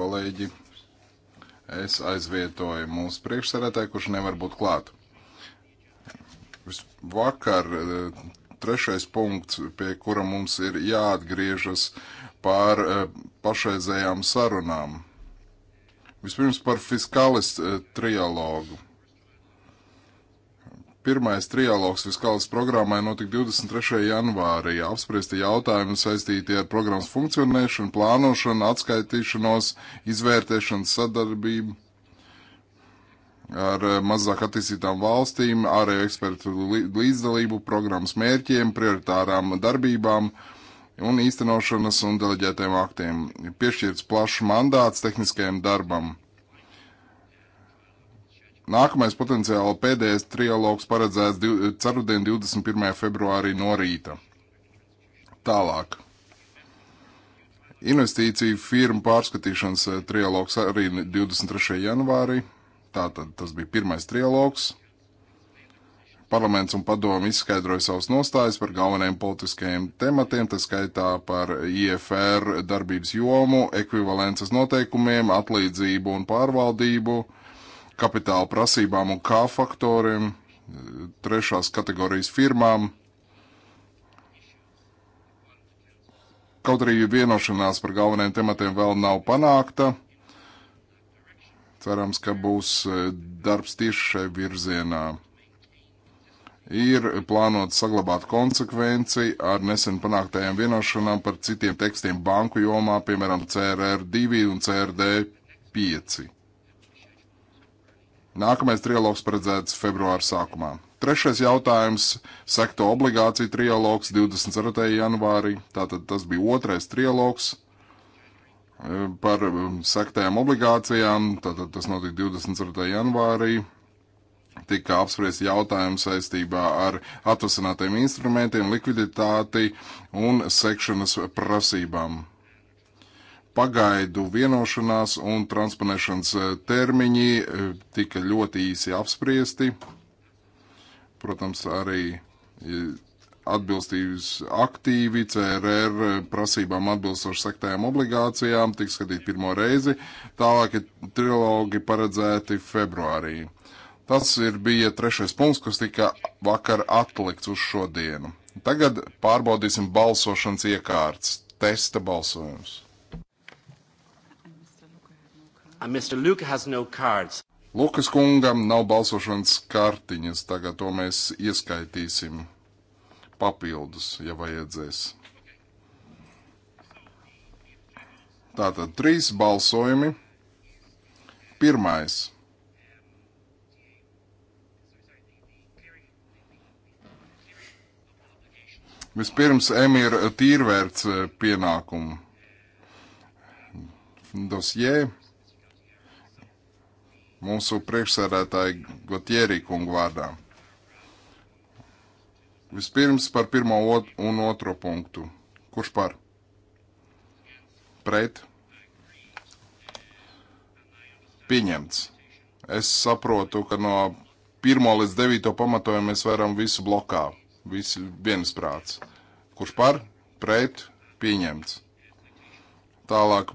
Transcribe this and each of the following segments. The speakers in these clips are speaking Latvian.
kolēģi. Es aizvietoju mūsu priekšsarētāju, kurš nevar būt klāt. Vakar eh, trešais punkts, pie kura mums ir jāatgriežas pār eh, pašreizējām sarunām. Vispirms par fiskālis eh, trialogu. Pirmais trialogs fiskālas programmai notika 23. janvārī. Apspriesti jautājumi saistīti ar programmas funkcionēšanu, plānošanu, atskaitīšanos, izvērtēšanas sadarbību ar eh, mazāk attīstītām valstīm, ārēju ekspertu līdzdalību, programmas mērķiem, prioritārām darbībām un īstenošanas un deleģētiem aktiem. Piešķirts plašs mandāts tehniskajam darbam Nākamais potenciāli pēdējais trialogs paredzēts cerudien 21. februārī no rīta. Tālāk. Investīciju firmu pārskatīšanas eh, trialogs arī 23. janvārī. Tātad tas bija pirmais trialogs. Parlaments un padomu izskaidroja savus nostājus par galvenajiem politiskajiem tematiem, tā skaitā par IFR darbības jomu, ekvivalences noteikumiem, atlīdzību un pārvaldību, uh, kapitāla prasībām un kā faktoriem, trešās kategorijas firmām. Kaut arī vienošanās par galvenajiem tematiem vēl nav panākta, cerams, ka būs e, darbs tieši šai virzienā. Ir plānot saglabāt konsekvenci ar nesen panāktajām vienošanām par citiem tekstiem banku jomā, piemēram, CRR2 un CRD5. Nākamais trialogs paredzēts februāra sākumā. Trešais jautājums - sekto obligāciju trialogs 24. janvārī. Tātad tas bija otrais trialogs eh, par eh, sektējām obligācijām. Tātad tas notika 24. janvārī. Tika apspriests jautājums saistībā ar atvasinātajiem instrumentiem, likviditāti un sekšanas prasībām pagaidu vienošanās un transponēšanas eh, termiņi eh, tika ļoti īsi apspriesti. Protams, arī eh, atbilstības aktīvi CRR prasībām atbilstoši sektējām obligācijām tiks skatīt pirmo reizi, tālākie trilogi paredzēti februārī. Tas ir bija trešais punkts, kas tika vakar atlikts uz šodienu. Tagad pārbaudīsim balsošanas iekārtas, testa balsojums. Lukas kungam nav balsošanas kartiņas, tagad to mēs ieskaitīsim papildus, ja vajadzēs. Tātad trīs balsojumi. Pirmais. Vispirms emīra tīrvērts pienākumu. Dosjē. Yeah mūsu priekšsēdētāja Gotjeri kungu vārdā. Vispirms par pirmo ot un otro punktu. Kurš par? Pret? Pieņemts. Es saprotu, ka no pirmo līdz devīto pamatojumu mēs varam visu blokā. Visi viensprāts. Kurš par? Pret? Pieņemts. Tālāk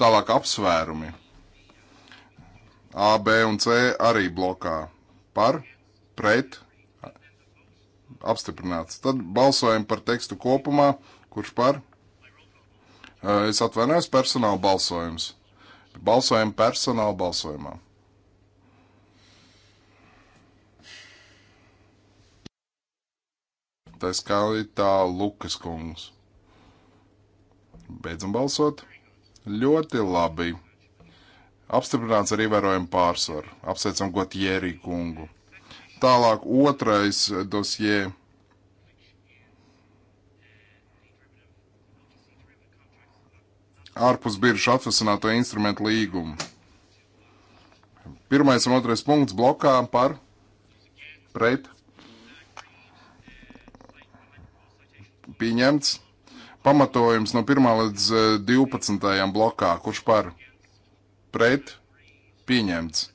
Tālāk apsvērumi. A, B un C arī blokā. Par, pret, apstiprināts. Tad balsojam par tekstu kopumā. Kurš par? Es atvainojos personāla balsojums. Balsojam personāla balsojumā. Tā skaitā Lukas kungs. Beidzam balsot. Ļoti labi. Apstiprināts ar ievērojumu pārsvaru. Apsveicam Gotjēri kungu. Tālāk otrais dosie. Ārpus biržu atvesināto instrumentu līgumu. Pirmais un otrais punkts blokā par pret pieņemts Pamatojums no 1 līdz 12 eh, blokā, kurš par pret pieņemts.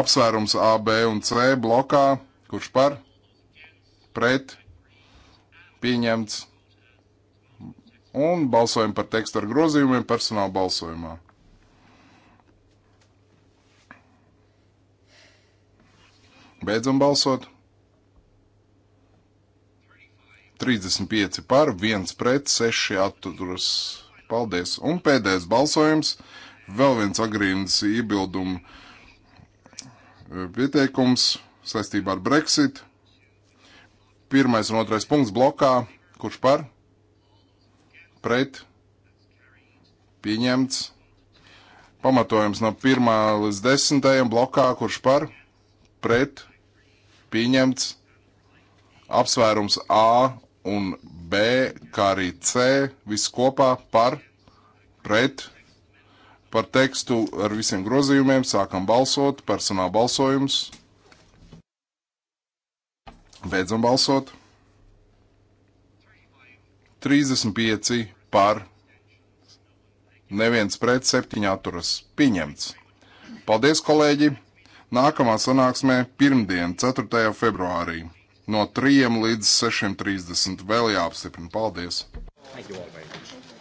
Apsvērums A, B un C blokā, kurš par pret pieņemts. Un balsojam par tekstu ar grozījumiem personāla balsojumā. Beidzam balsot. 35 par, 1 pret, 6 atturas. Paldies! Un pēdējais balsojums, vēl viens agrīnas iebildumu eh, pieteikums saistībā ar Brexit. Pirmais un otrais punkts blokā, kurš par, pret, pieņemts. Pamatojums no 1 līdz 10 blokā, kurš par, pret, pieņemts apsvērums A un B, kā arī C, viss kopā par, pret, par tekstu ar visiem grozījumiem, sākam balsot, personāla balsojums, beidzam balsot, 35 par, neviens pret, 7 atturas, pieņemts. Paldies, kolēģi! Nākamā sanāksmē pirmdien, 4. februārī no 3 līdz 6.30 vēl jāapstiprina. Paldies! Thank you all very much.